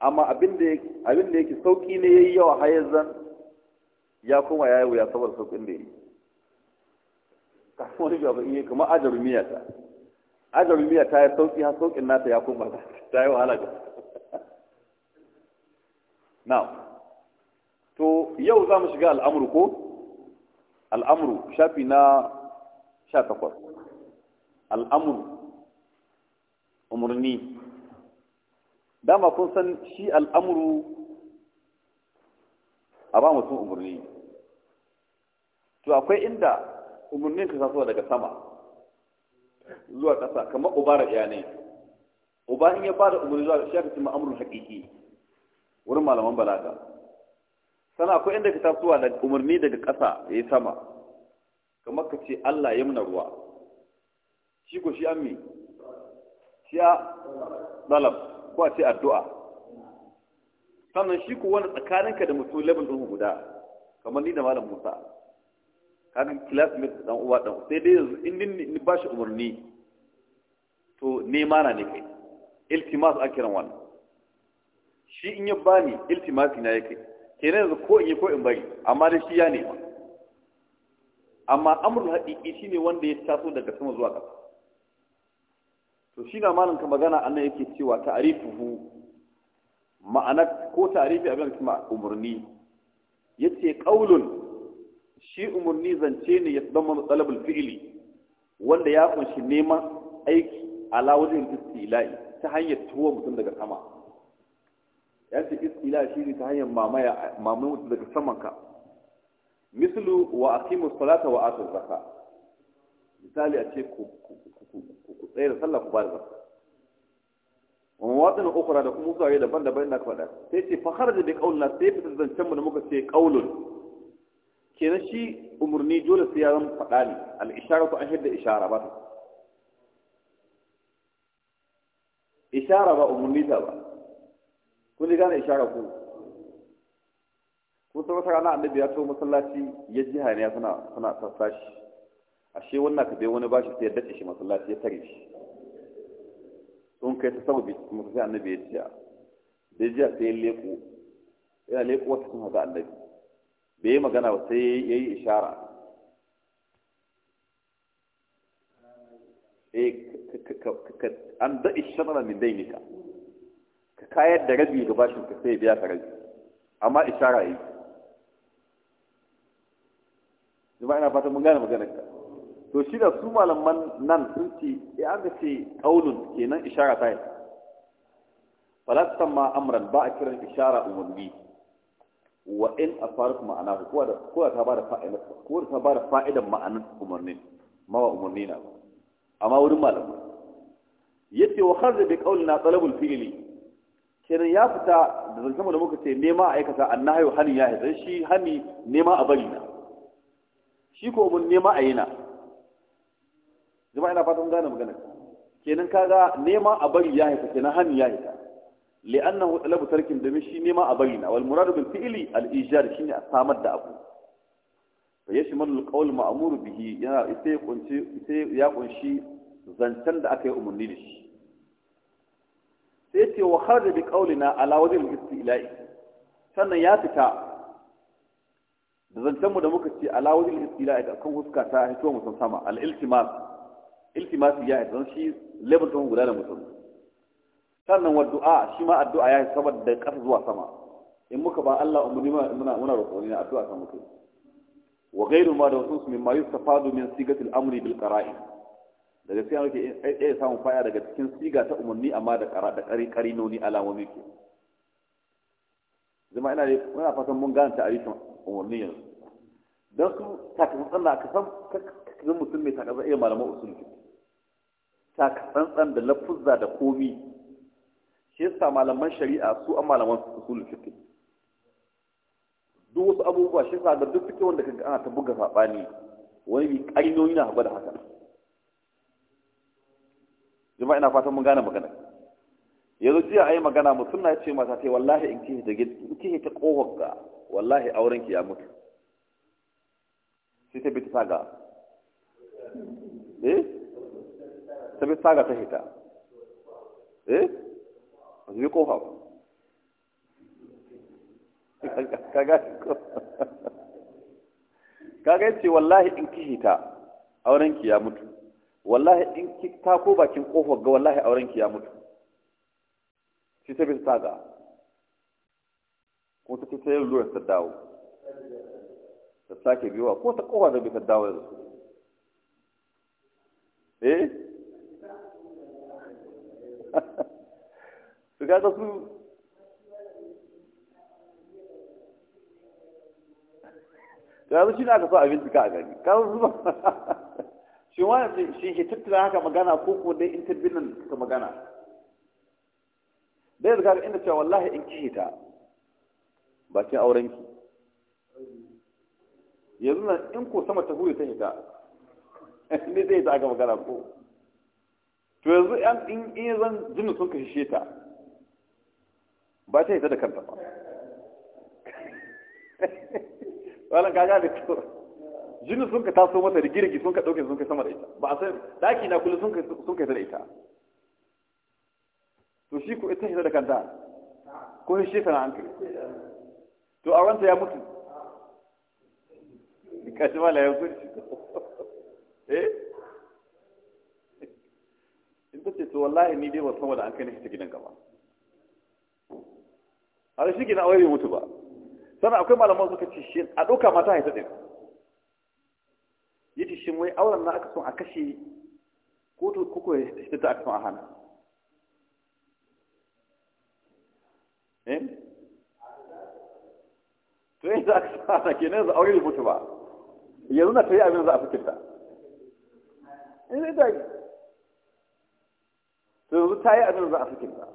amma abin da yake sauƙi ne ya yi yawa hayar zan ya koma ya yi wuya saboda sauƙin da ya yi kafin wani gaba iya kuma ajaru miya ta ajaru miya ta ya sauƙi har sauƙin nata ya kuma ta yi wahala ga na to yau za mu shiga al'amuru ko al'amuru shafi na sha takwas al'amuru umarni dama kun san shi al'amuru a ba mutum umarni to akwai inda umarnin ka tasowa daga sama zuwa ƙasa kamar uba da ne. uba in ya ba da umarni zuwa shi aka cimma amurin haƙiƙi wurin malaman balaga sana akwai inda ka tasowa da umarni daga ƙasa ya yi sama kamar ka ce Allah ya muna ruwa shi ko shi an mi shi a ɗalab ko a ce addu'a sannan shi ku wani tsakaninka da mutum labin ɗin guda kamar ni da malam musa kaga classmate dan uwa dan sai dai yanzu in ni ba shi umarni to nema na ne kai iltimas a kiran wannan shi in ya bani iltimasi na yake. kai kenan yanzu ko in yi ko in bari amma dai shi ya nema amma amurul haƙiƙi shine wanda ya taso daga sama zuwa ƙasa to shi na malin ka magana annan yake cewa ta'arifuhu ma'ana ko ta'arifi abin da kuma umurni yace qaulun shi umurni zance ne ya zama talabul fi'li wanda ya kunshi neman aiki ala wajen istila'i ta hanyar tuwo mutum daga sama ya ce istila shi ne ta hanyar mamaya mamaya mutum daga samanka. mislu wa aqimu salata wa atu zakka misali a ce ku tsaye da sallah ku ba da zakka wa mawadin ukura da kuma zuwa daban-daban na faɗa sai ce fa kharaja bi qaulina sai fitar zancen mu da muka ce qaulun kenan shi umarni dole sai ya zama faɗa ne al-isharatu an hidda ishara ba ta ishara ba umarni ta ba kun gane ishara ku kun san wata rana annabi ya to masallaci ya ne ya suna suna sassashi ashe wannan ka bai wani bashi sai ya dace shi masallaci ya tare shi sun kai ta sama kuma sai annabi ya jiya da jiya sai ya leko yana leko wata sun haza annabi bai yi magana ba sai ya yi ishara eh, an da ishara min nika ka kayar da rabi ga bashin ka sai biya ka rabi amma ishara yi ba ina fata mun gane maganar ka to shi da su malaman nan sun ce ya eh, aka ce ƙaunin kenan ishara ta yi falastan ma amran ba a kiran ishara umarni wa in a faru kuma ana da ta ba da ko da ta ba fa'idan ma'anin umarni mawa umarni na ba amma wurin malama yace wa kharra bi qawlina talabul fi'li kenan ya fita da sama da muka ce nema a aikata annahi hani ya hada shi hani nema a bari na shi ko mun nema a yi na jama'a ina fatan gane magana kenan kaga nema a bari ya haifa kenan hani ya haifa li'annahu talabu tarkin da shi nema a bari na wal muradu bil fi'li al ijad shine a samar da abu fa yashmalu al qawl ma'mur bihi yana sai ya kunshi zancen da aka yi umarni da shi sai ce wa kharaja bi qawlina ala wajhi al istila'i sannan ya fita da zancen mu da muka ce ala wajhi al istila'i akan huska ta hito mu sama al iltimas iltimasi ya isa shi level guda da mutum sannan wa du'a shi ma addu'a ya saboda ƙasa zuwa sama in muka ba Allah umarni muna muna roƙo ne addu'a kan mutum wa ghayru ma da wasu mimma yustafadu min sigatil amri bil qara'i daga sai ake eh samun faya daga cikin siga ta umarni amma da ƙara da ƙari ƙarinoni alamomi ke zama ina ne muna fatan mun gane ta'arifin umarni yanzu don su takasantsan na ka san mutum mai takasantsan iya malaman usul ke ka tsantsan da lafuzza da komi shi yasa malaman shari'a su an malaman usul fiqh duk wasu abubuwa shi yasa ga duk fiqh wanda kaga ana ta buga sabani wani bi kainoyi na haɓa da haka jama'a ina fatan mun gane magana yanzu jiya ayi magana mu sunna ce mata tai wallahi in kihi da in kihi ta kohon ka wallahi auren ki ya mutu sai ta bi ta ga eh ta bi saga ta hita eh ba ko bi ba kaga ko kaga wallahi in ki hita auren ki ya mutu wallahi in ki ta ko bakin kofar ga wallahi auren ki ya mutu shi ta bi saga ko ta ce sai lura ta dawo ta sake biyuwa ko ta kofa da bi ta dawo yanzu eh su kaga su yanzu shi ne aka so abin suka a gani kawo su shi wani shi ke tattara haka magana ko ko dai in tabbinin ta magana dai da kaga inda cewa wallahi in kishi ta bakin auren ki yanzu nan in ko sama ta hure ta hita ne zai ta aka magana ko to yanzu yan in iya zan jini sun kashe ta ba ta ita da kanta ba wani gaga da kyau jini sun ka taso mata da girgi sun ka ɗauke sun kai sama da ita ba a sai daki na kula sun kai ta da ita to shi ko ita shi da kanta ko shi shi na hankali, kai to a wanta ya mutu kashi mala ya mutu wallahi ni dai ba san an kai ni cikin gidan gaba a da shi gina aure bai mutu ba sannan akwai malaman suka ce shi a ɗauka mata haita ɗin ya ce shi wai auren na aka son a kashe ko to ya shi ta aka son a hana eh? to yanzu aka son a hana nan yanzu aure bai mutu ba yanzu na ta yi abin za a fitinta in eh, zai to yanzu ta yi abin za a sakin ta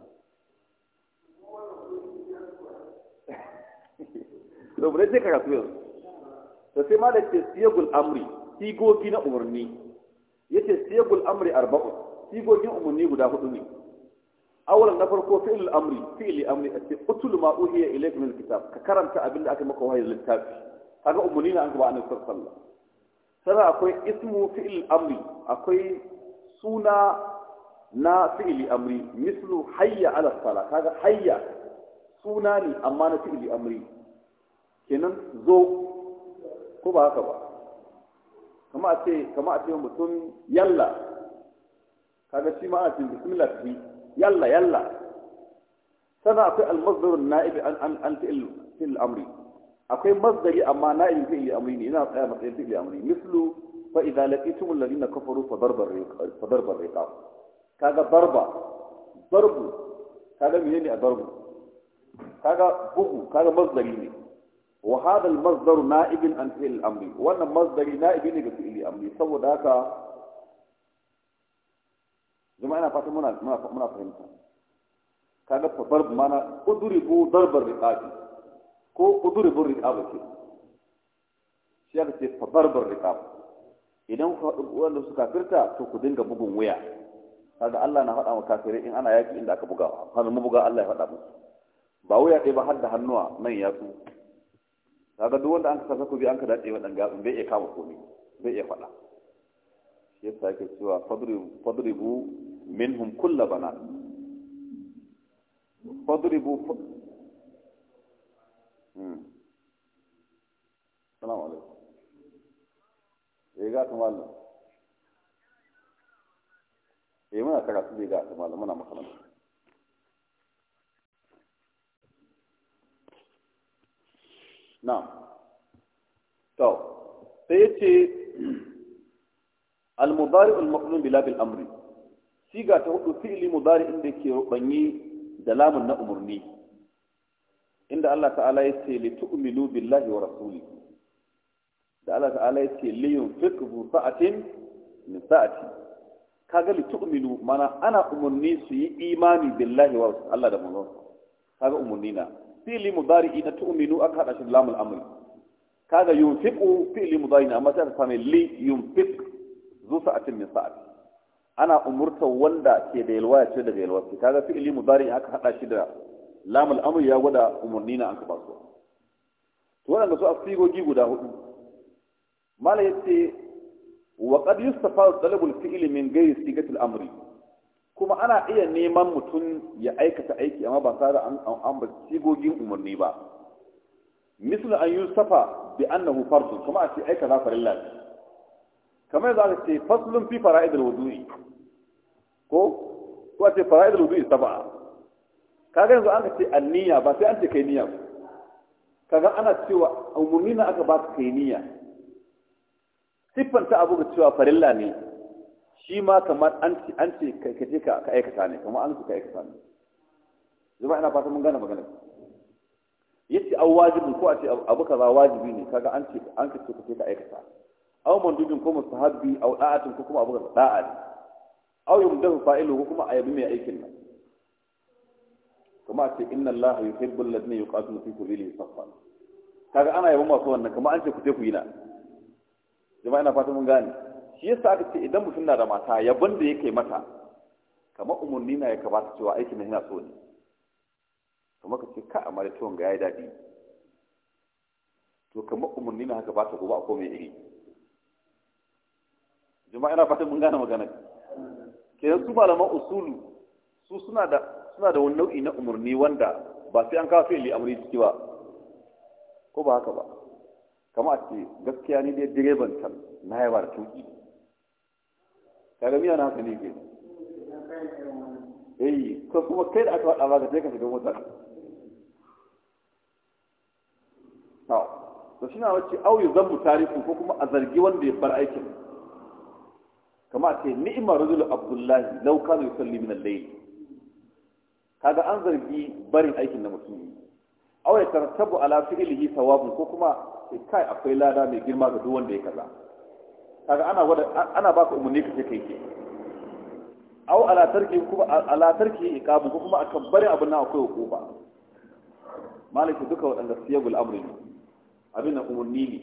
to bude ce karatu yanzu to sai malam ce siyagul amri sigogi na umarni ya ce siyagul amri arba'un sigogi na umarni guda hudu ne awalan na farko fi'il amri fi'il amri ace utul ma uhiya ilayka min kitab ka karanta abin da aka maka wahayi littafi kaga umarni na an gaba annabi sallallahu alaihi wasallam sannan akwai ismu fi'il amri akwai suna na fi'ili amri mislu hayya ala sala kaga hayya suna ne amma na fi'ili amri kenan zo ko ba haka ba kama a ce kama a ce mutum yalla kaga shi ma a ce bismillah fi yalla yalla sana akwai almasdar na'ibi an an an fi'il amri akwai masdari amma na'ibin fi'il amri ne yana tsaya matsayin fi'il amri mislu fa idza laqitumul ladina kafaru fa darbar riqab fa darbar riqab kaga barba barbu kaga menene a barbu kaga bugu kaga masdari ne wa hada al masdar na'ib an fi'l amri wannan masdari na'ib ne ga fi'l amri saboda haka jama'a ina fata muna muna fahimta kaga barb mana bu darbar riqabi ko bu riqabi ce, shi aka ce fa barbar riqab idan wanda suka firta to ku dinga bugun wuya kaga Allah na faɗa wa kafirai in ana yaki inda aka bugawa hannun buga Allah ya faɗa mu ba wuya kai ba har da hannuwa nan ya su kaga duk wanda an ka sasa bi an ka dace wadan ga bai iya kama komai bai iya faɗa shi yasa yake cewa fadri fadri bu minhum kulla bana hmm salamu alaikum ya eh, ga tumalin eh muna karatu bai ga malam muna makaranta na'am to sai yace al-mudari al amri siga ta hudu fi'li mudari inda ke rubanyi da lamun na umarni, inda Allah ta'ala yace li tu'minu billahi wa rasulihi da Allah ta'ala ce li yunfiqu sa'atin min sa'ati kaga li tu'minu mana ana umarni su yi imani billahi wa Allah da manzon kaga umarni na fi'li mudari na tu'minu aka hada shi lamul amri kaga yunfiqu fi'li mudari na amma sai ta same li yunfiq zu sa'atin min sa'at ana umurta wanda ke da yalwa ya ce daga yalwa ce kaga fi'li mudari aka hada shi da lamul amri ya gwada umarni na an ka basu to wannan su a sigogi guda hudu malai yace wa qad yustafa talab al-fi'l min ghayri amri kuma ana iya neman mutum ya aikata aiki amma ba tare an an ba sigogin umarni ba misal an yustafa bi annahu fardun kuma a ce aikata za farilla kamar za ka ce faslun fi fara'id al-wudu'i ko ko ce fara'id al-wudu'i sab'a kaga yanzu an ce an niyya ba sai an ce kai niyya kaga ana cewa umarni na aka ba ka kai niyya siffanta abu ga cewa farilla ne shi ma kamar an ce ka je ka aikata ne kamar an ce ka aikata ne zama ina fata mun gane magana yace au wajibin ko a ce abu kaza wajibi ne kaga an ce an ka ce ka je ka aikata au mandubin ko mustahabbi au da'atin ko kuma abu kaza da'a ne au yumdahu fa'ilu ko kuma ayabi mai aikin nan kuma a ce inna allaha yuhibbul ladina yuqatiluna fi sabilihi saffan kaga ana yabon masu wannan kamar an ce ku je ku yi na jama'a ina fata mun gane shi yasa aka ce idan mutum na da mata yabon da yake mata kamar umarni na ya kamata cewa aikin na yana so ne kamar ka ce ka a mara tuwon ga ya daɗi to kamar umarni na haka ba ta gobe a komai iri jama'a ina fata mun gane magana ke. kenan su malaman usulu su suna da suna da wani nau'i na umarni wanda ba sai an kawo fi'ili amri ciki ba ko ba haka ba kamar a ce gaskiya ni dai direban can na yawa da tuki kaga miya na haka ne ke eh ko kuma kai da aka faɗa ba ka je ka shiga motar to shi na wacce auyu zan mu tarihi ko kuma a zargi wanda ya bar aikin kamar a ce ni'imar rajulu abdullahi lau kana yusalli min al-layl kaga an zargi barin aikin na mutum aw ya tartabu ala fi'lihi thawabun ko kuma kai akwai lada mai girma ga duk wanda ya kaza kaga ana wada ana baka umarni ka kai ke aw ala tarki kuma ala tarki iqabu ko kuma akan bari abin nan akwai hukuma malaka duka wadanda yagul amri ne abin nan umarni ne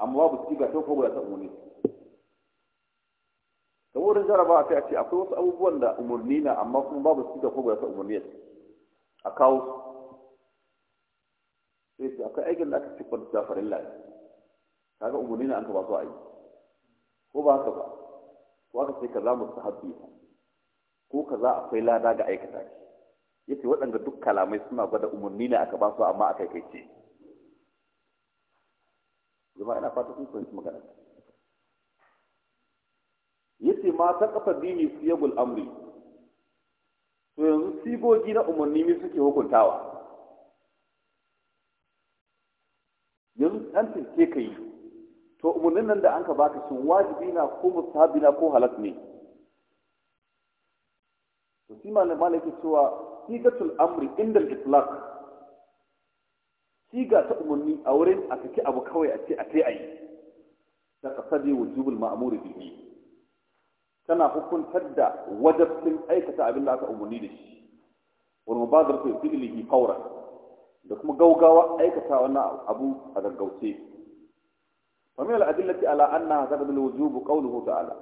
amma babu siga ta ko ba ta umarni saboda jaraba sai a ce akwai wasu abubuwan da umarni na amma kuma babu siga ko ba ta umarni a kawo sai akwai aikin da aka siffar da farilla ne kaga umarni na an ka ba su a yi ko ba haka ba ko aka ce za mu sahabbi ko ka za akwai lada ga aikata shi yace waɗanda duk kalamai suna gwada umarni ne aka ba su amma aka kai ce zama ina fata sun fahimci magana yace ma ta kafa dini siyagul amri to yanzu sigogi na umarni ne suke hukuntawa yanzu an tilke ka yi to umarnin nan da an ka baka shi wajibi na ko mustahabi na ko halas ne to shi malam malaki cewa sigatul amri inda al-itlaq siga ta umarni a wurin a kake abu kawai a ce a kai ayi ta kasadi wujubul ma'muri bihi tana hukuntar da wajabcin aikata abin da aka umarni da shi wal mubadaratu fi'lihi qawran da kuma gaugawa aikata wannan abu a gaggauce famil adillati ala anna hada bil wujub qawluhu ta'ala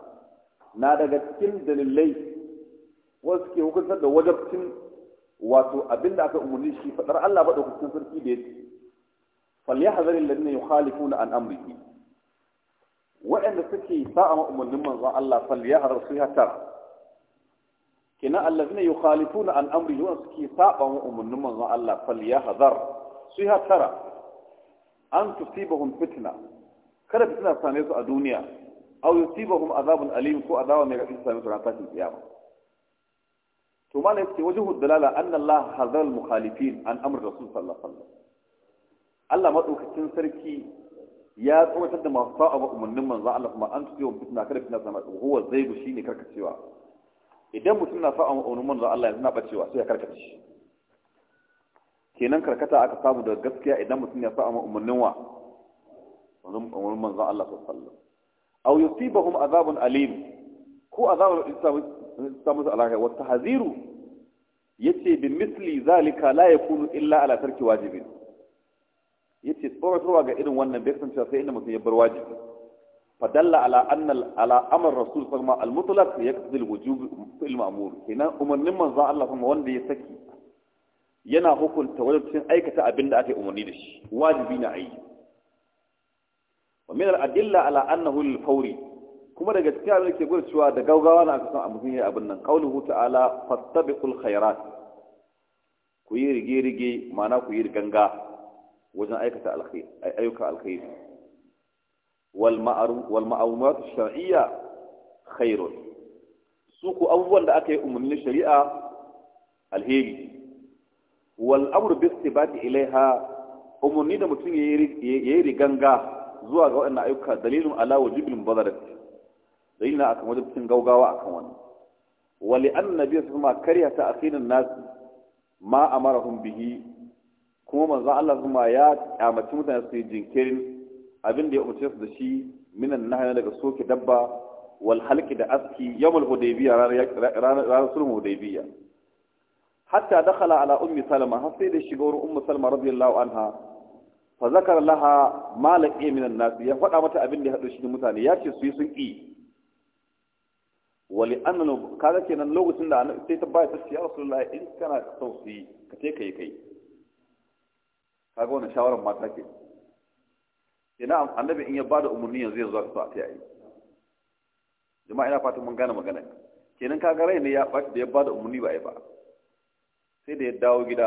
na daga cikin dalilai wasu ke hukuntar da wajabcin wato abinda aka umarni shi fadar Allah ba da hukuncin sarki da yake falyahzar alladhina yukhalifuna an amrihi wa'anda suke sa'a umarnin manzon Allah falyahzar su tara. kina allazina yukhalifuna an amri wa suke saba wa umarnin manzon Allah falyahzar su ya tara an tusibahum fitna kada fitna same su a duniya aw yusibahum azabun alim ko azaba mai radin sane su ran tashin kiyama to malai ce wajhu dalala anna Allah hazal mukhalifin an amr rasul sallallahu alaihi wasallam Allah madaukakin sarki ya tsawatar da masu sa'a wa umarnin manzo Allah kuma an tusibahum fitna kada fitna sane su huwa zaibu shine karkacewa idan mutum na fa'a wani manzo Allah yanzu na bacewa sai ya karkace kenan karkata aka samu daga gaskiya idan mutum ya fa'a umarnin wa umarnin manzo Allah sallallahu alaihi fi ba kuma azabun alim ko azabun alaƙa wata haziru ya ce bi misli zalika la kunu illa ala tarki ya ce tsoratarwa ga irin wannan bai kasance sai inda mutum ya bar wajibi فدل على أن على أمر الرسول صلى الله عليه وسلم المطلق يقضي الوجوب في المأمور هنا أمرني من ذا الله صلى الله عليه yana hukunta wajen cikin aikata abin da aka yi umarni da shi wajibi na ayi wa min al-adilla ala annahu lil-fawri kuma daga cikin abin da ke gwada cewa da gaugawa na aka san amfani da abin nan qauluhu ta'ala fastabiqul khairat ku yi rige-rige ma'ana ku yi ganga wajen aikata alkhairi ayyuka alkhairi والمعلومات الشرعية خير سوق أول لأكي أمم الشريعة الهيجي والأمر باستباد إليها أمم mutum متن يري غنغا zuwa ga waɗannan ayyuka dalilin ala wajibin bazarat dalilin akan wajibcin gaugawa akan wani wali annabi kuma karya ta asirin nasu ma amarahum bihi kuma manzo Allah kuma ya kyamaci mutane su yi jinkirin abin da ya umarce su da shi minan na daga soke dabba wal halki da aski yawmul hudaybiya ranar sulhu hudaybiya hatta dakhala ala ummi salama har sai da shiga wurin ummu salma radiyallahu anha fa zakar laha ma laqiya minan nas ya faɗa mata abin da ya hado shi mutane ya ce su yi sun ki wali annal kaga kenan lokacin da sai ta bayar ta ce ya rasulullahi in kana son ka yi ka kai kai kaga wannan shawaran mata kenan ina annabi in ya bada umarni yanzu yanzu za ka so a yi jama'a ina fatan mun gane magana kenan ka ga ne ya ɓaci da ya bada umarni ba yi ba sai da ya dawo gida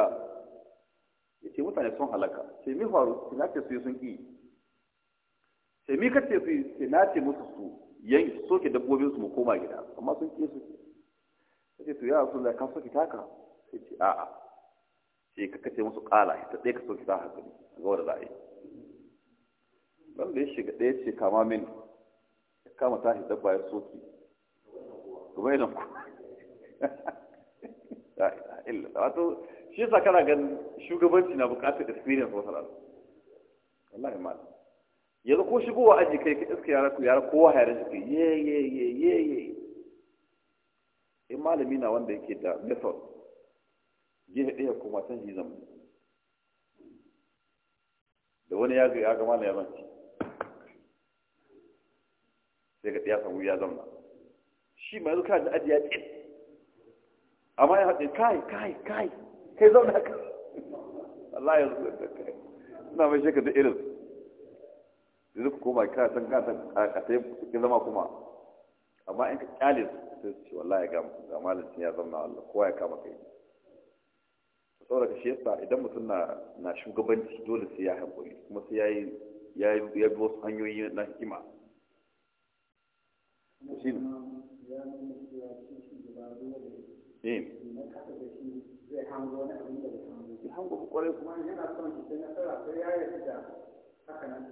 ya ce mutane sun halaka sai mi faru sai na ce su sun ƙi sai mi kace su sai na ce musu su yanki soke dabbobin su mu koma gida amma sun ƙi su sai to ya rasu da ka soke taka sai ce a'a sai ka kace musu ƙala ta dai ka soke ta hakuri ga wanda za a yi ya shiga ɗaya ce kama min ya kama tashi dabba ya soki kuma yana ku wato shi yasa kana gan shugabanci na buƙatar experience wasu rana wallahi ma yanzu ko shigowa aji kai ka iska yara ku yara kowa hayar shi ke ye ye ye ye ye in malami na wanda yake da method gehe ɗaya kuma can shi zama da wani ya ga malam ya manci sai ga tsaya wuri ya zama shi mai zuka da ajiya tsit amma ya haɗe kai kai kai kai zauna haka Allah ya zuwa da kai suna mai shekar da irin da zuka koma ka san ka san a sai ki zama kuma amma in ka kyale sai su ce wallahi ga ga malamin ya zama Allah kowa ya kama kai saboda shi yasa idan mutum na na shugabanci dole sai ya haƙuri kuma sai ya yi ya bi wasu hanyoyi na hikima shi ne eh ya hango kwarai kuma yana son shi sai nasara sai ya yi da haka nan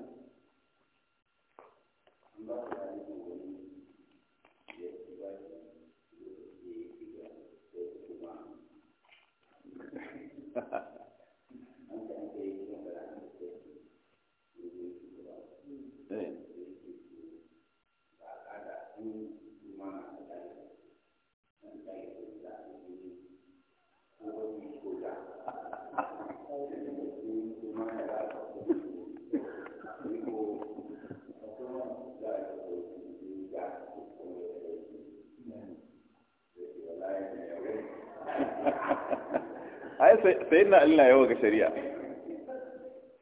sayin na alina yawa ga shari'a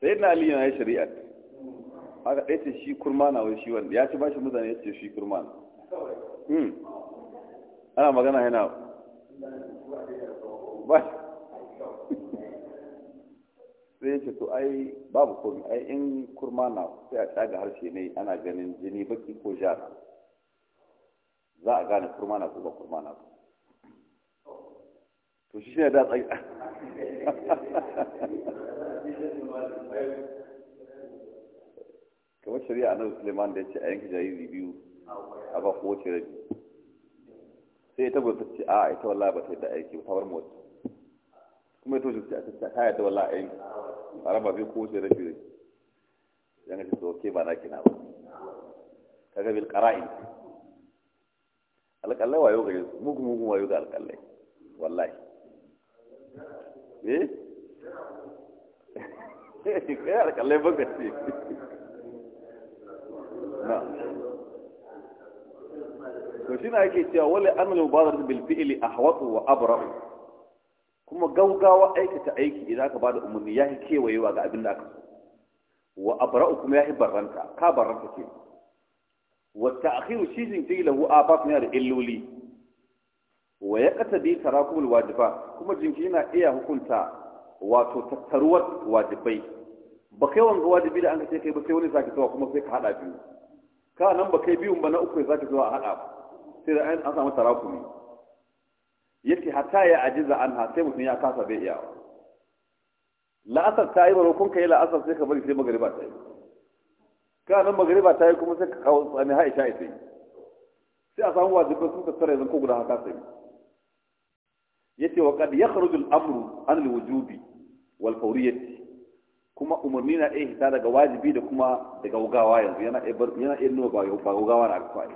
sayin na alina ya shari'a haka ɗaya ce shi kurma na wani shi wanda ya ci ba shi mutane ya ce shi kurma na hmm. ana magana yana ba sai ya ce to ai babu komi ai in kurma na sai a tsaga harshe ne ana ganin jini baki ko jara za a gane kurma na ko ba kurma na ba to shi ne da tsaye kamar shari'a na suleiman da ya ce a yanki jariri biyu a ba kowace rabi sai ya tabbata ce a ita walla ba ta yi da aiki ba ta bar motsi kuma ita a ta ta yadda walla a yanki a raba biyu kowace rabi rabi yan ce to ke ba na kina ba kaga bil qara'in alƙallai wayo ga mugu mugu wayo ga alƙallai wallahi eh kai alƙalai baka ce na to shi na cewa wale an al-mubadar kuma gaugawa aikata aiki idan aka bada umarni yahi kewayewa ga abin da aka so wa abra'u kuma yahi ka ke wa ta'khiru da illoli wa ya tara kuma wajiba kuma jinkiri na iya hukunta wato tattaruwar wajibai ba kai wanga wajibi da an ka kai ba sai wani sake zuwa kuma sai ka hada biyu ka nan ba kai biyun ba na uku zaki sake zuwa a hada sai da an samu tarakumi yake hatta ya ajiza ha sai mutum ya kasa bai iyawa la'asar ta yi barokun ka yi la'asar sai ka bari sai magariba ta yi ka nan magariba ta yi kuma sai ka kawo tsani ha isha ita yi sai a samu wajibai sun tattara yanzu ko guda haka sai yace wa qad yakhruju al-amru an al-wujubi wal fawriyyah kuma umarni na iya hita daga wajibi da kuma daga ugawa yanzu yana yana iya nuna ba ugawa na akwai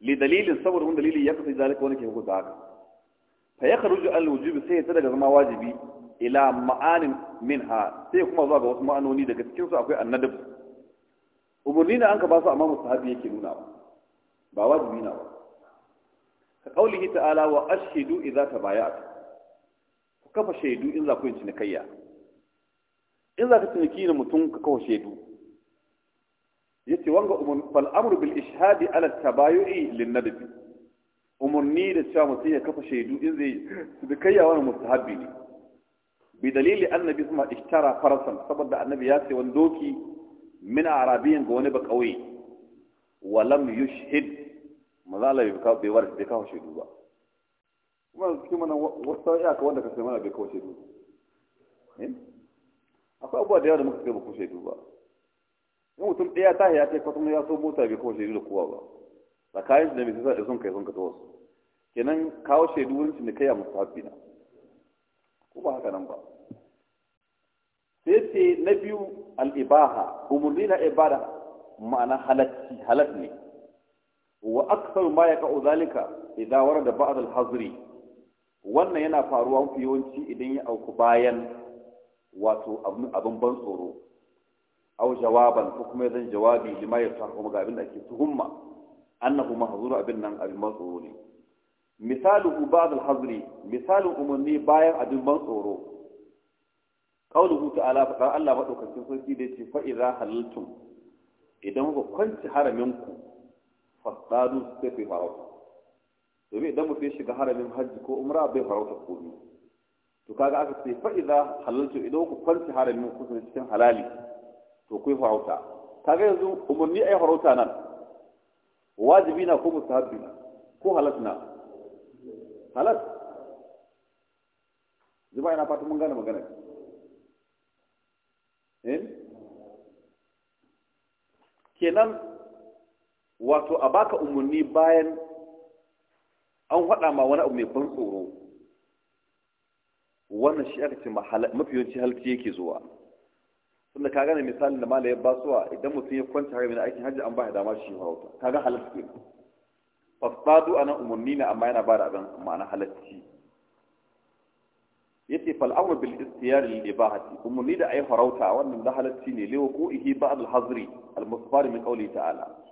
li dalilin saboda wani dalili ya kasance zalika wani ke hukunta haka fa yakhruju al-wujubi sai ta daga zama wajibi ila ma'anin minha sai kuma zuwa ga wasu ma'anoni daga cikin su akwai annadab umarni na an ka ba su amma musahabi yake nuna ba wajibi na ba ka kaulihi ta'ala wa ashhadu idza tabaya'tu ku kafa shaidu in za ku yi cinikayya in za ka ciniki da mutum ka kafa shaidu yace wanga umur fal amru bil ishhadi ala tabayu'i lin nadbi umurni da cewa mutum ya kafa shaidu in zai cinikayya wani mustahabbi ne bi dalili annabi kuma ishtara farasan saboda annabi ya ce wani doki min arabiyin ga wani ba kauye walam yushhid mazala bai kawo bai bai kawo shaidu ba kuma cikin mana wasu iyaka wanda ka sai mana bai kawo shaidu ba eh? akwai abubuwa da yawa da muka kai bakon shaidu ba in mutum ɗaya ta ya ce kwatam ya so mota bai kawo shaidu da kowa ba tsakanin da mai sai da sun kai sun ka ta wasu kenan kawo shaidu wurin ne kai cinikayya musafi na ko ba haka nan ba sai ce na biyu al'ibaha umarni na ibada ma'ana halatti halat ne wa aksar ma ya ka'o zalika idan da ba'ad al-hazri wannan yana faruwa yawanci idan ya auku bayan wato abin ban tsoro au jawaban ko kuma zan jawabi lima ya kuma ga abin da ake tuhumma annahu mahzuru abin nan abin ban tsoro ne misalu ba'ad al-hazri misalu umarni bayan abin ban tsoro qauluhu ta'ala fa Allah madaukakin sarki da yace fa idza halaltum idan ku kwanci haraminku fasadu sai kai farauta domin idan mutum ya shiga haramin hajji ko umra bai farauta komi to kaga aka ce fa idza halaltu idan ku kwanci haramin ku cikin halali to kai farauta kaga yanzu umarni ai farauta nan wajibi na ko mustahabbi na ko halatna na halat jama'a ina fata mun gane magana eh kenan wato a baka umarni bayan an faɗa ma wani abu mai ban tsoro wannan shi aka ce mafi yawanci halci yake zuwa tunda ka gane misalin da malaya ba suwa idan mutum ya kwanta harami na aikin hajji an ba ya dama shi farauta ka ga halarci ne fasadu a nan umarni ne amma yana ba da abin ma'ana halarci yace fal amru bil ne, ba ibahati umarni da ayi farauta wannan da halarci ne lewa ko ihi ba'd al hazri al musbar min qawli ta'ala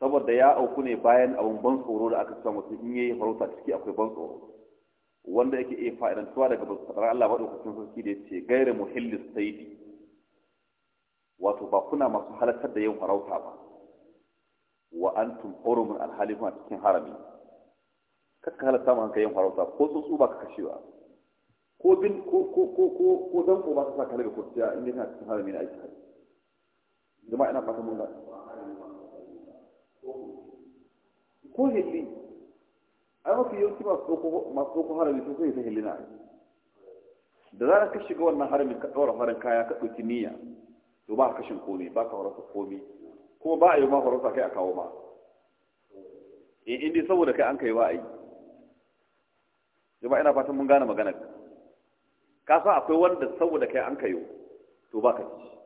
saboda ya auku ne bayan abun ban tsoro da aka samu su in yayi farauta ciki akwai ban tsoro wanda yake iya fa'idantuwa daga fasara Allah maɗaukakin sarki da yace ce gaira muhillis saidi wato ba kuna masu halakar da yin farauta ba wa antum hurumun alhalifu a cikin harami kakka halarta mu hanka yin farauta ko tsuntsu ba ka kashe ba ko bin ko ko ko ko ko ba ka sa ka daga kurciya in dai cikin harami na aiki jama'a ina fata mun ga. ko hilli ai mafi yawanci masu ɗauko harami sun sai ta hilli na da zarar ka shiga wannan harami ka ɗaura farin kaya ka ɗauki niyya to ba kashin komi ba ka horasa komi kuma ba a yi ma horasa kai a kawo ma eh, in indi saboda kai an kai ba a yi jama'a ina fatan mun gane maganar ka sa akwai wanda saboda kai an kayo to ba ka ci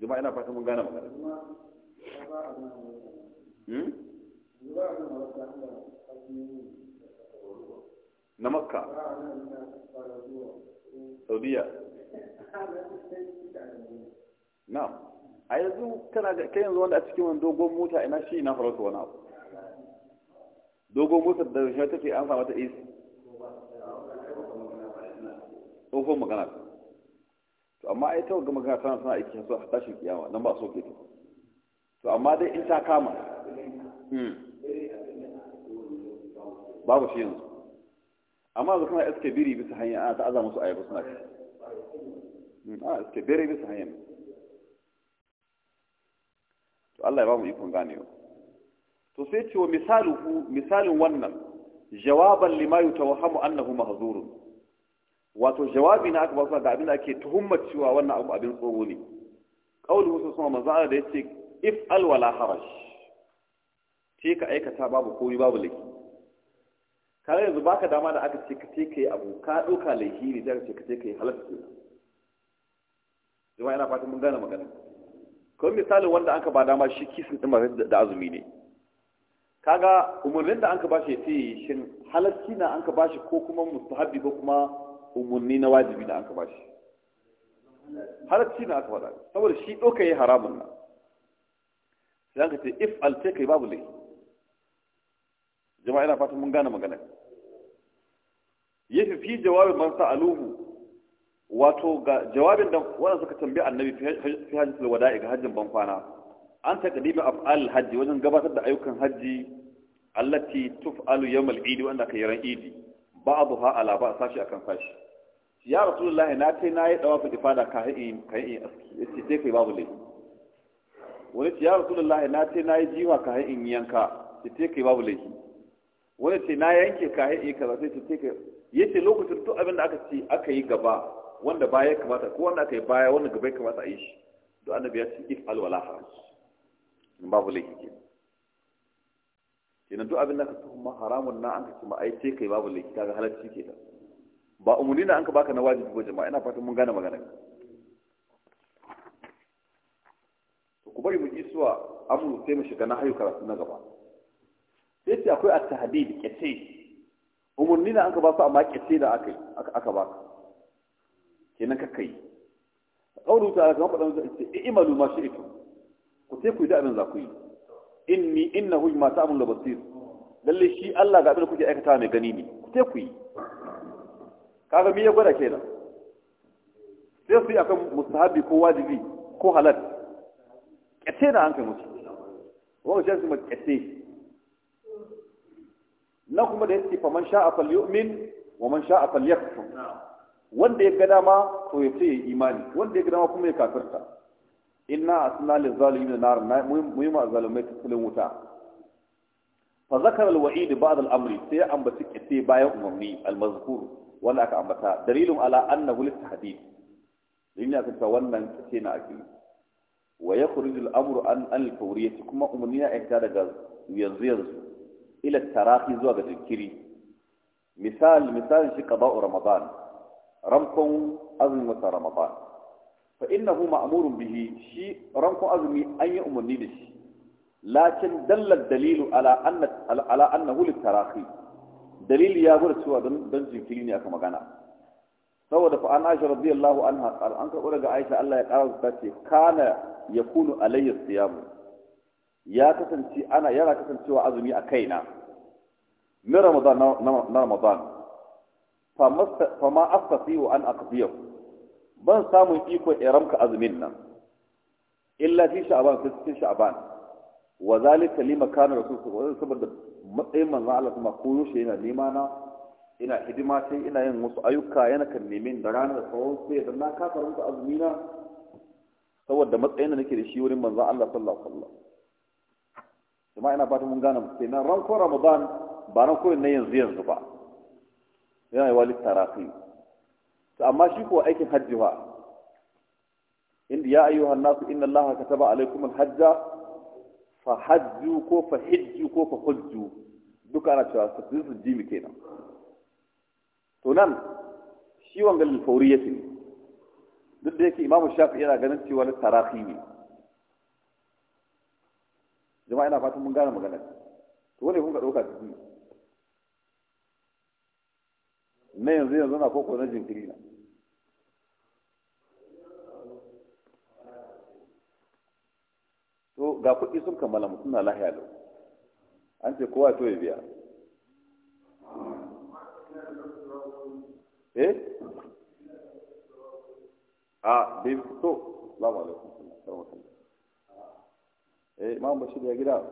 jama'a ina fatan mun gane magana hmm? na makka saudiya na a yanzu kana kai yanzu wanda a cikin wani dogon mota ina shi ina farauta wani abu dogon mota da shi take an samu ta isi tsohon magana to amma ai ta ga magana tana suna aiki su a tashin kiyama nan ba so ke ta to amma dai in ta kama hmm, babu shi yanzu amma zaka na iske biri bisa hanya ana ta aza musu yabo suna ci hmm, a iske biri bisa hanya to Allah ya ba mu ikon ganewa to sai ciwo misalin wannan jawaban lima yutawahhamu annahu mahzurun wato jawabi na aka basu da abin da ake tuhummar cewa wannan abu abin tsoro ne kauli musu sama manzo da yace if al wala haraj ce ka aikata babu koyi babu laifi kare yanzu baka dama da aka ce ka ce kai abu ka dauka laifi ne da ce ka ce kai halatta ce jama'a ina fatan mun gane magana kamar misali wanda anka ba dama shi kisin din da azumi ne kaga umarnin da anka bashi ya ce shin halacci na anka bashi ko kuma mustahabi ko kuma umarni na wajibi da aka bashi halarci na aka faɗa saboda shi ɗauka yi haramun na sai aka ce if al kai babu laifi jama'a ina fatan mun gane magana ya fi jawabin man sa'aluhu wato ga jawabin da wannan suka tambayi annabi fi hajjatul wada'i ga hajjin ban kwana an taqdimi af'al hajji wajen gabatar da ayyukan hajji allati tuf'alu yawm idi, eid wanda yi ran idi ba'daha ala ba sashi akan sashi ya rasulullahi na kai na yi dawa fi ifada ka yi ka yi aski sai kai babu laifi wani ce ya rasulullahi na kai na yi jiwa ka yi in yanka sai kai babu laifi wani ce na yanke ka yi kaza sai sai kai yace lokacin duk abin da aka ce aka yi gaba wanda baya kamata ko wanda aka yi baya wanda gaba ya kamata a yi shi duk annabi ya ce if alwala haraj in babu laifi ke kenan duk abin da aka ma haramun na an ka ce ma ai sai kai babu laifi kaga halarci ke da ba umarni na an ka baka na wajibi ba jama'a ina fatan mun gane magana ku bari mu ji suwa amuru sai mu shiga na hayu karatu na gaba sai ce akwai at-tahdid kace umarni na an ka ba amma kace da aka aka baka kenan kai qawlu ta'ala kamar fadan zai ce i'malu ma shi'tum ku sai ku yi da abin za ku yi inni innahu ma ta'malu basir lalle shi Allah ga abin da kuke aikata mai gani ne ku sai ku yi kaga mi ya gwada kenan sai su yi akan mustahabi ko wajibi ko halal kace na hankali kai musu wani shi ma kace na kuma da yake faman sha'a falyu'min wa man sha'a falyakfur wanda ya ga dama to ya ce imani wanda ya ga dama kuma ya kafirta inna asna lil zalimin nar muhimma zalimai tilin wuta fa zakara al wa'id ba'd al amri sai ambaci kace bayan umarni al mazkur wanda aka ambata dalilun ala annahu listahdid dalilin aka ta wannan kace na akili wa yakhruj al-amru an al-fawriyyah kuma umurni ya aika daga yanzu yanzu ila tarahi zuwa ga jinkiri misal misal shi qada'u ramadan ramkon azumin wata ramadan fa innahu ma'murun bihi shi ramkon azumi an yi umurni da shi lakin dalla dalilu ala anna ala annahu lit-tarahi dalili ya gwada cewa don jinkiri ne aka magana saboda fa an aisha radiyallahu anha qal an karɓo daga aisha Allah ya ƙara ta ce kana yakunu alayya siyamu ya kasance ana yana kasancewa azumi a kaina na ramadan na ramadan fa ma astati'u an aqdiyahu ban samun iko iramka azumin nan illa fi sha'ban fi sha'ban wa zalika lima kana rasul sallallahu alaihi wasallam matsayin manzan Allah kuma koyo shi yana nema na ina hidima sai ina yin wasu ayyuka yana kan nemin da ranar da sauran su ya na kafa rinka azumi na saboda matsayin da nake da shi wurin manzan Allah sallallahu alaihi wasallam kuma ina fata mun gane sai na ran ko Ramadan ba ran ko ne yanzu yanzu ba yana yi walid tarafi to amma shi ko aikin hajji ba inda ya ayyuhan nasu inna allaha kataba alaikumul hajja fahajju ko fahijju ko fahujju duka ana cewa su su ji mu kenan to nan shi wanga lilfauriyyati ne duk da yake imamu shafi yana ganin cewa na tarahi ne jama'a ina fatan mun gane magana to wani kun ka ɗauka su na yanzu yanzu na koko na jinkiri na ga kuɗi sun kammala mu suna lahiya da an ce kowa to ya biya eh a bai to salamu alaikum salamu alaikum eh ba shi ya gida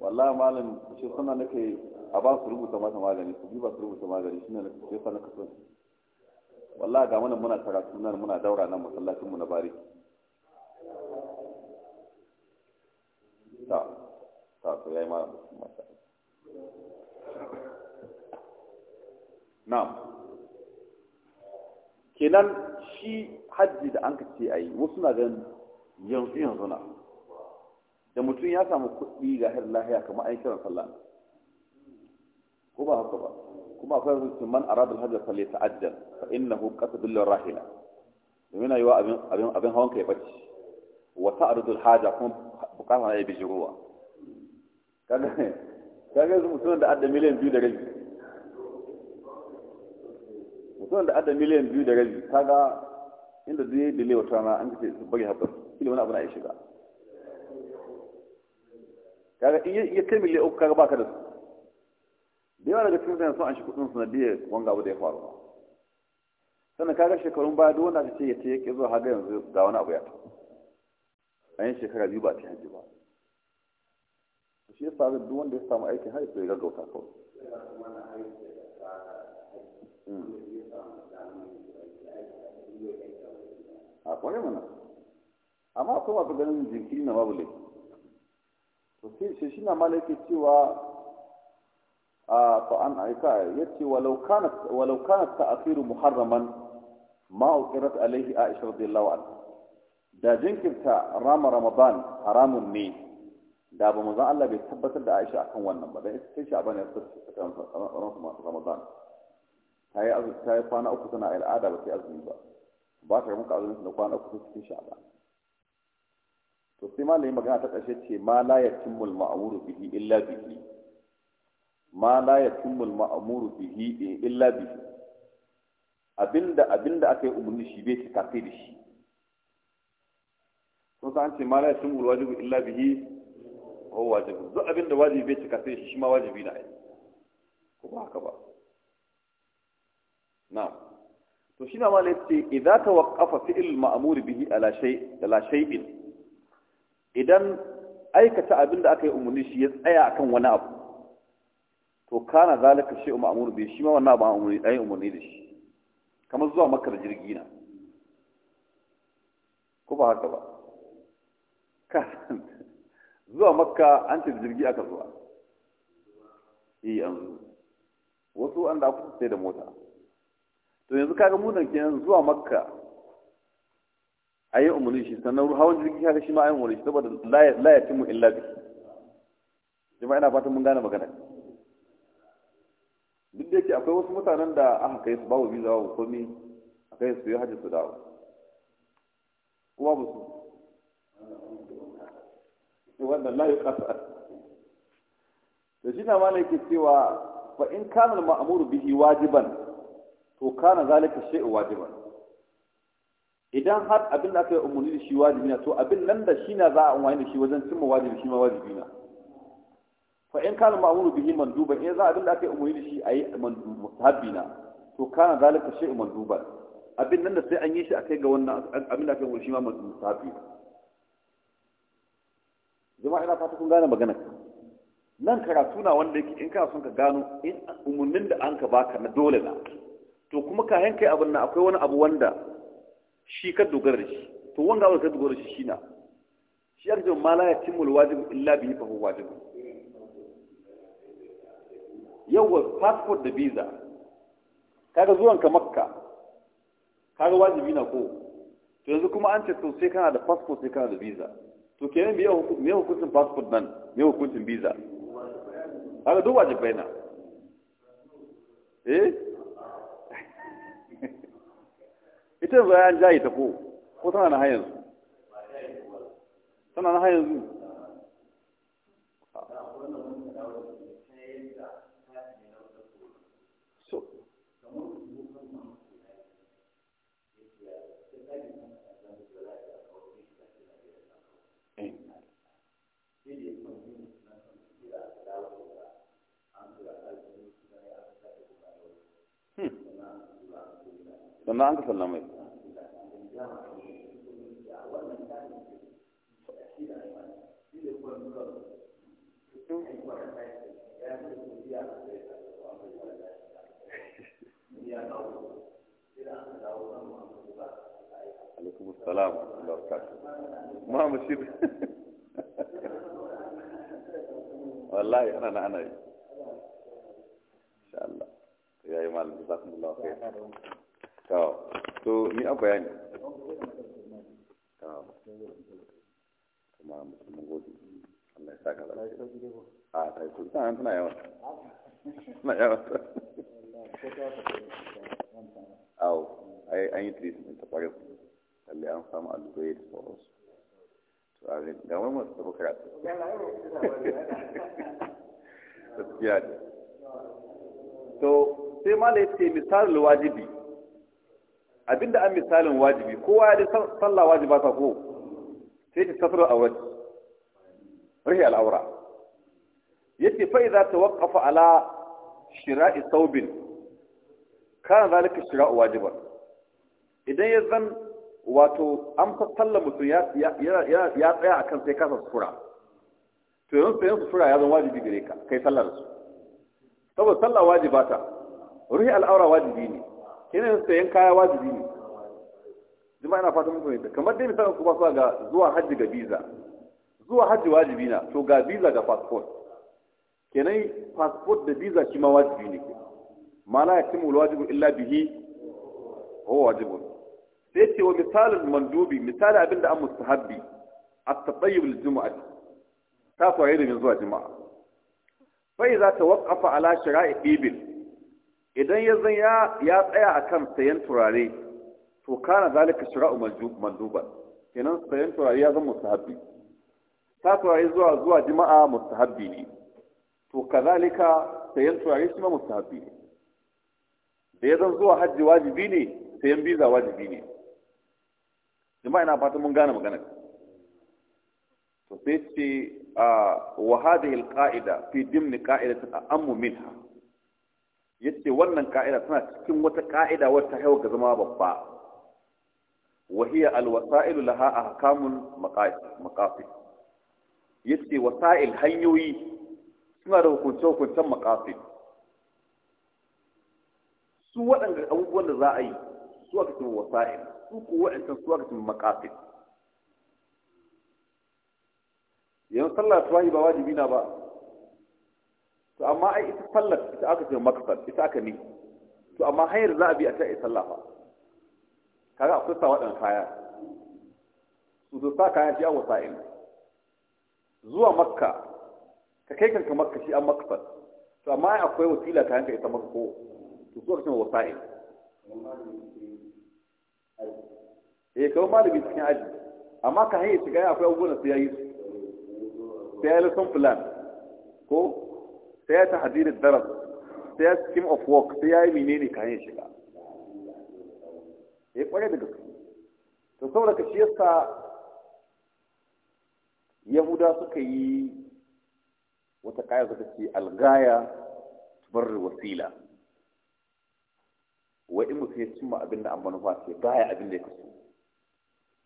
wallahi malam shi suna nake a ba su rubuta masa magani su bi ba su rubuta magani shi ne shi yasa wallahi ga mana muna karatu nan muna daura nan masallacinmu na bari ta ta to yayi na'am kenan shi hajji da an ka ce ayi wasu na ganin yanzu yanzu na da mutum ya samu kuɗi ga har lahiya kamar an sallah ko ba haka ba kuma akwai rubutun man arada alhajja fa ta'ajjal fa innahu qasadul rahila domin yayi abin abin abin hawan kai bace wa ta'rudu alhaja kuma bukata na bi jiruwa kaga kaga mutum da adda miliyan biyu da rabi mutum da adda miliyan biyu da rabi kaga inda zai yayi dile wata rana an kace su bari habbar ilimin wani abu na ya shiga kaga iya kai miliyan uku kaga baka da su yawa daga cikin sayan son an shi kudin sanadiyar wanga abu da ya faru ba sannan kaga shekarun baya duk wanda aka ce ya ce yake zuwa haga yanzu ga wani abu ya ta an yi shekara biyu ba ta hajji ba shi ya sa duk wanda ya samu aikin ya sai gaggauta kawai hmm. a kwarai mana amma akwai masu ganin jinkiri na babu laifi to sai shi na malaki cewa فأن يتي ولو كانت ولو كان التأخير محرما ما أقرت عليه عائشة رضي الله عنها دا جنكرتا رام رمضان حرام ني دا بمزا الله بيتثبت دا عائشة أكون ونم دا إستيش أبان يصدر رمضان هاي أزل تاي فانا أكتنا إلى عادة بتي أزمي با باكر ممكن أزل نسنا فانا أكتنا في شعبان تسمى لي مجانا تتأشيتي ما لا يتم المأمور به إلا به ma la ya al ma'amuru bihi illa bihi abinda abinda aka yi umarni shi bai cika sai da shi kun san ce ma la ya al-wajibu illa bihi ko wajibu duk abinda wajibi bai cika sai shi ma wajibi na yi. ko ba haka ba na to shi na malai ce idza tawaqqafa fi'l ma'amuru bihi ala shay ala shay'in idan aikata abinda aka yi umarni shi ya tsaya akan wani abu to kana zalika shi umma amuru bi shi ma wannan ba amuri dai umarni da shi kamar zuwa makar jirgi na ko ba haka ba ka zuwa makka an ce jirgi aka zuwa yi eh, yanzu wasu an da kusa sai da mota to yanzu kaga munan kenan zuwa makka a yi umarni shi sannan hawan jirgi kaga shi ma a yi umarni shi saboda la ya timu illa bi jama'a ina fatan mun gane magana duk da yake akwai wasu mutanen da aka kai su babu visa ko komi a kai su yi hajji su dawo kuma ba su wannan layu kasa da shi na ne ke cewa fa in kana ma'amuru bihi wajiban to kana zalika shay'u wajiban idan har abin da aka yi umarni da shi wajibi na to abin nan da shi na za a umarni da shi wajen cimma wajibi shi ma wajibi na fa in kana ma'muru bihi manduba in za abin da aka yi umarni da shi ayi manduba habbina to kana zalika shi manduba abin nan da sai an yi shi akai ga wannan abin da aka yi shi ma manduba habbina jama'a ina fata kun gane magana nan karatu na wanda yake in kana son ka gano in umarnin da an ka baka na dole na to kuma kayan kai abin nan akwai wani abu wanda shi ka dogara da shi to wanga abu ka dogara da shi shi na shi yarjin ma la yatimul wajibu illa bihi fa huwa wajibu yawwa passport da visa kaga zuwan ka makka kaga wajibi na ko to yanzu kuma an ce to sai kana da passport sai kana da visa to kenan me hukuncin passport nan me hukuncin visa kaga duk wajibai na eh ita yanzu an jayi ta ko ko tana na har tana na har sannan an ka sallamai alaikum salam ma mashir wallahi ana na ana yi insha Allah ya yi malam jazakumullahu khair to ni a bayani kuma musulman Allah ya saka a tana yawa tana yawa an yi treatment ta an samu allurai da sauransu to a ga wani masu taɓa karatu ne to sai ma da ya ce misal wajibi abinda an misalin wajibi kowa ya sallah wajiba ta ko sai ta safar aurat rihi al'aura yace fa idza tawaqqafa ala shira'i thawbin kana zalika shira'u wajiban idan ya zan wato an fa sallah mutum ya ya tsaya akan sai kasa sura to yanzu sai sura ya zan wajibi gare ka kai sallar su saboda sallah wajiba ta rihi al'aura wajibi ne kenan sayan kaya wajibi ne jama'a ina fatan mun fahimta kamar dai misalin su ba ga zuwa hajji ga biza. zuwa hajji wajibi na to ga biza ga fasfot. kenan fasfot da biza kima wajibi ne ma la yatimul wajibu illa bihi huwa wajibun sai ce wa misalin mandubi misali abinda an mustahabbi at-tatayyub lil jumu'ati ta koyi da min zuwa jumu'a fa idza tawaqqafa ala shara'i ibil idan ya zan ya tsaya a kan sayan turare to kana zalika shira'u manduba kenan sayan turare ya zan mustahabbi ta turare zuwa zuwa jima'a mustahabbi ne to kazalika sayan turare shi ma mustahabbi ne da ya zan zuwa hajji wajibi ne sayan biza wajibi ne jima'a ina fatan mun gane magana to sai ce wa hadhihi alqa'ida fi dimni qa'idatin a'ammu minha yace wannan ka'ida tana cikin wata ka'ida wata haiwa ga zama babba wahiya alwasa'ilu laha ahkamun maqasid yace wasa'il hanyoyi suna da hukunce hukuncen maqasid su waɗanda abubuwan da za a yi su aka cin wasa'il su ko waɗancan su aka cin maqasid yanzu sallah tuwahi ba wajibi na ba to amma ai ita sallar ita aka ce maksar ita aka ni to amma hanyar za a bi a ta yi sallah fa kaga akwai sa waɗannan kaya su su sa kaya shi an wasa'in zuwa makka ka kai kanka makka shi an maksar to amma ai akwai wasila kayan ka ita makko to su aka wasa'in eh kawo malami cikin aji amma ka hanyar shiga akwai abubuwan da su yayi su sai ya yi plan ko sai ta hadirin daras sai ya scheme of work sai ya yi menene kayan shiga ya kware da gaske to saboda ka shi yasa yahuda suka yi wata kaya suka ce algaya tubar wasila wa in mutum ya cimma abin da an manufa sai baya abin da ya kasu.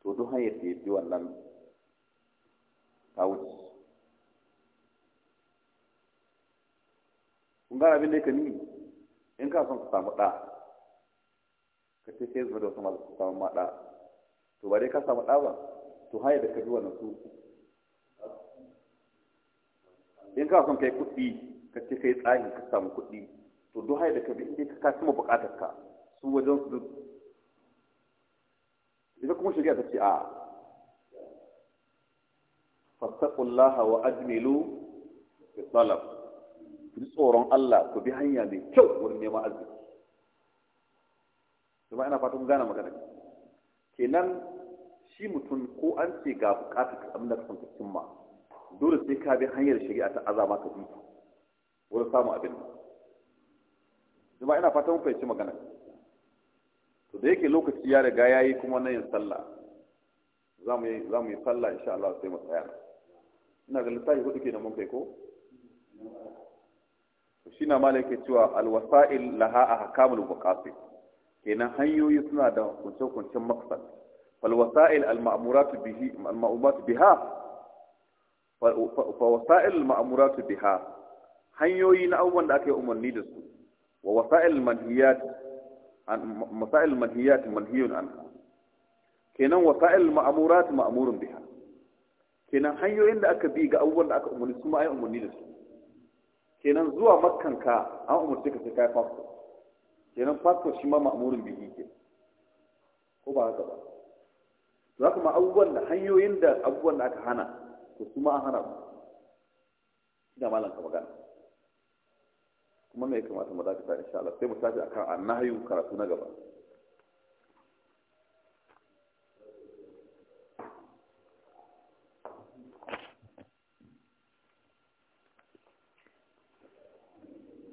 to duk hanyar da ya bi wannan ta wuce kun ga abin da yake ni in ka son ka samu ɗa ka ce sai zuwa da wasu masu samun maɗa to ba dai ka samu ɗa ba to haya da ka ji wannan su in ka son ka yi kuɗi ka ce ka yi tsari ka samu kuɗi to duk haya da ka bi inda ka kasu ma buƙatar ka su wajen su duk ita kuma shirya ta ce a fattakullaha wa ajmilu fi ku ji tsoron Allah ku bi hanya mai kyau wurin neman arziki kuma ina fatan gane magana kenan shi mutum ko an ce ga bukatar ka abin da ka kwanta cimma dole sai ka bi hanyar shari'a ta azama ka bi wurin samun abin kuma ina fatan ku fahimci magana to da yake lokaci ya riga ya yi kuma nan yin sallah za mu yi sallah insha Allah sai mu tsaya ina ga littafi hudu kenan mun kai ko shi na malai ke cewa alwasa'il laha a hakamul buƙafi kenan hanyoyi suna da kunce-kuncen maksad falwasa'il al-ma'amuratu biha fawasa'il al-ma'amuratu biha hanyoyi na abubuwan da aka yi umarni da su wa wasa'il manhiyat masa'il manhiyat manhiyun anha kenan wasa'il ma'amurat ma'amurun biha kenan hanyoyin da aka bi ga abubuwan da aka umarni su ma ai umarni da su kenan zuwa makkan ka an umarci ka sai kai fasto kenan fasto shi ma ma'amurin biki ke ko ba haka ba to haka ma abubuwan da hanyoyin da abubuwan da aka hana to kuma an hana su ina malam ka magana kuma mai kamata mu dakata insha Allah sai mu tafi akan annahayu karatu na gaba